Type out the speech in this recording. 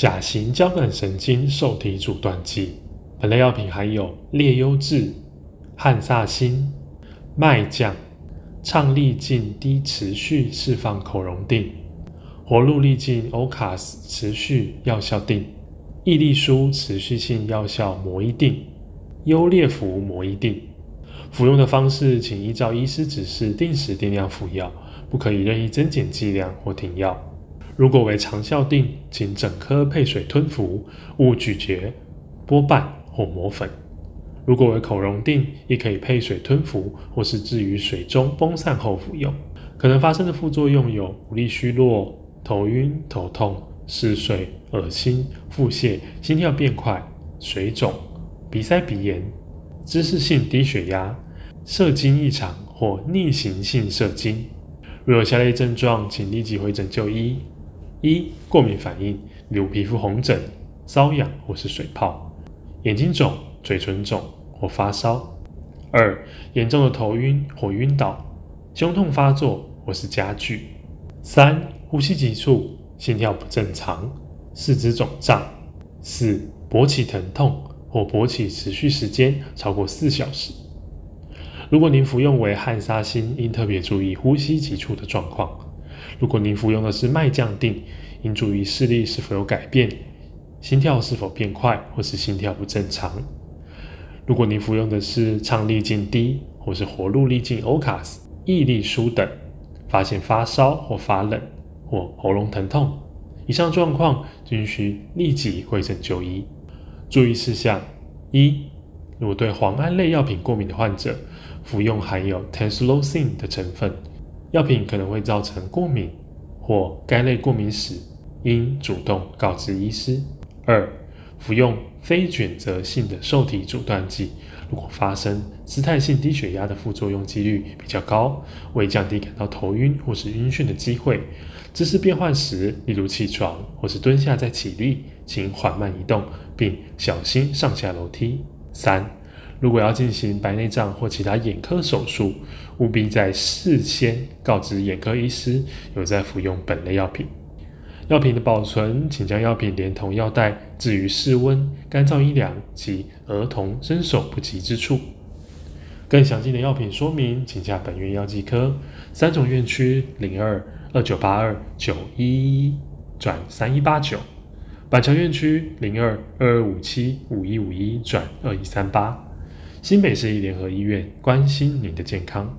甲型交感神經受體阻斷劑，本類藥品還有列優治、漢薩辛、麥降、暢利淨低持續釋放口溶錠、活路利淨歐卡斯持續藥效錠、毅力舒持續性藥效膜衣錠、優列扶膜衣錠。服用的方式，請依照醫師指示定時定量服藥，不可以任意增減劑量或停藥。如果為長效錠，請整顆配水吞服，勿咀嚼、剝半或磨粉。如果為口溶錠，也可以配水吞服，或是置於水中崩散後服用。可能發生的副作用有：無力、虛弱、頭暈、頭痛、嗜睡、噁心、腹瀉、心跳變快、水腫、鼻塞、鼻炎、姿勢性低血壓、射精異常或逆行性射精。如有下列症狀，請立即回診就醫。一、過敏反應，如皮膚紅疹、瘙癢或是水泡，眼睛腫、嘴唇腫或發燒；二、嚴重的頭暈或暈倒，胸痛發作或是加劇；三、呼吸急促、心跳不正常、四肢腫脹；四、勃起疼痛或勃起持續時間超過四小時。如果您服用維漢沙星，應特別注意呼吸急促的狀況。如果您服用的是麥降定，應注意視力是否有改變，心跳是否變快或是心跳不正常。如果您服用的是暢力靜滴或是活路力靜歐卡斯、異力舒等，發現發燒或發冷或喉嚨疼痛，以上狀況均需立即回診就醫。注意事項：一、如果對磺胺類藥品過敏的患者，服用含有 Tamsulosin 的成分。藥品可能會造成過敏，或該類過敏史，應主動告知醫師。二，服用非選擇性的受體阻斷劑，如果發生姿態性低血壓的副作用幾率比較高，為降低感到頭暈或是暈眩的機會，姿勢變換時，例如起床或是蹲下再起立，請緩慢移動，並小心上下樓梯。三。如果要進行白內障或其他眼科手術，務必在事先告知眼科醫師有在服用本類藥品。藥品的保存，請將藥品連同藥袋置於室溫、乾燥、陰涼及兒童伸手不及之處。更詳盡的藥品說明，請洽本院藥劑科：三種院區零二二九八二九一一一轉三一八九，91, 9, 板橋院區零二二二五七五一五一轉二一三八。新北市立聯合醫院，關心您的健康。